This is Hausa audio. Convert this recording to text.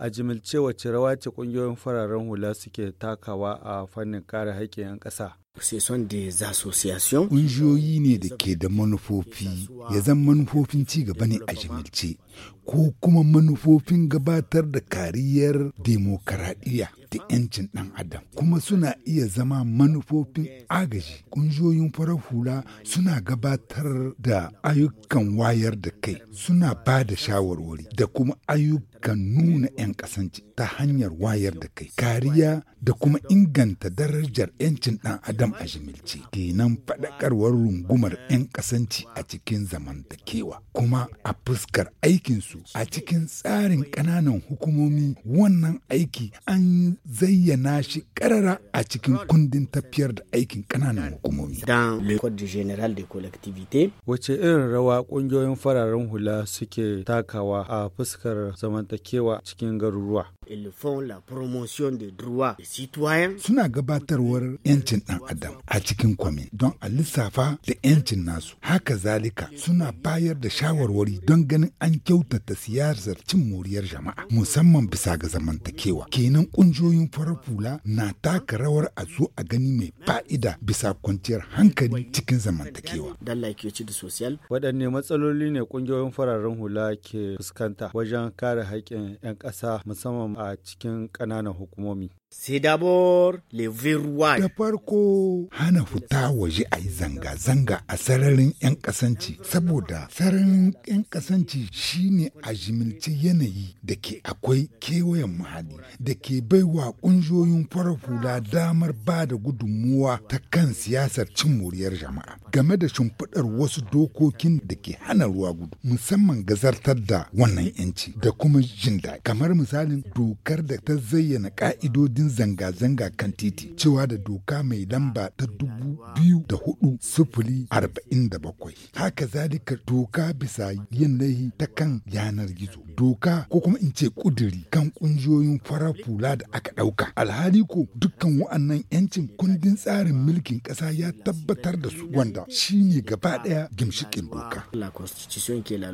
a jimilce wace rawa ce kungiyoyin fararen hula suke takawa a fannin kare haƙƙin 'yan ƙasa des associations. Ƙungiyoyi ne da ke da manufofi, ya zan manufofin ci gaba ne a jimilce, ko kuma manufofin gabatar da kariyar demokaradiyya da 'yancin ɗan adam, kuma suna iya zama manufofin agaji. Ƙungiyoyin farar hula suna gabatar da ayyukan wayar da kai, suna ba da shawarwari da kuma ayyukan nuna 'yan kasance ta hanyar wayar da kai, kariya da kuma inganta darajar 'yancin ɗan adam. kan azumilci kenan faɗakarwar rungumar 'yan kasanci a cikin zamantakewa kuma a fuskar aikinsu a cikin tsarin ƙananan hukumomi wannan aiki an zayyana shi ƙarara a cikin kundin tafiyar da aikin ƙananan hukumomi. Dan general de Wace irin rawa ƙungiyoyin fararen hula suke takawa a fuskar zamantakewa cikin garuruwa? ils font la promotion des droits des citoyens. Suna gabatarwar 'yancin ɗan adam a cikin kwami. don a lissafa da 'yancin nasu. Haka zalika suna bayar da shawarwari don ganin an kyautata siyasar cin moriyar jama'a musamman bisa ga zamantakewa. Kenan ƙungiyoyin farar hula na taka rawar a zo a gani mai fa'ida bisa kwanciyar hankali cikin zamantakewa. Dalla ke ci da social. Waɗanne matsaloli ne ƙungiyoyin fararen hula ke fuskanta wajen kare haƙƙin 'yan ƙasa musamman a cikin ƙananan hukumomi. Da farko hana fita waje a yi zanga-zanga a sararin 'yan kasanci, saboda sararin 'yan kasanci shine a jimilci yanayi da ke akwai kewayen muhalli da ke baiwa ƙungiyoyin fara hula damar ba da gudunmuwa ta kan siyasar cin moriyar jama'a game da shimfiɗar wasu dokokin da ke hana ruwa gudu, musamman gazartar da wannan 'yanci da kuma jin daɗi. Kamar misalin dokar da ta zayyana ƙa'idodi sanadin zanga-zanga kan titi cewa da doka mai lamba ta dubu biyu da hudu sufuri arba'in da bakwai haka zalika doka bisa yin laihi ta kan yanar gizo doka ko kuma in ce kuduri kan kungiyoyin farar fula da aka dauka alhali ko dukkan wa'annan yancin kundin tsarin mulkin kasa ya tabbatar da su wanda shine gaba daya gimshikin doka la constitution qui est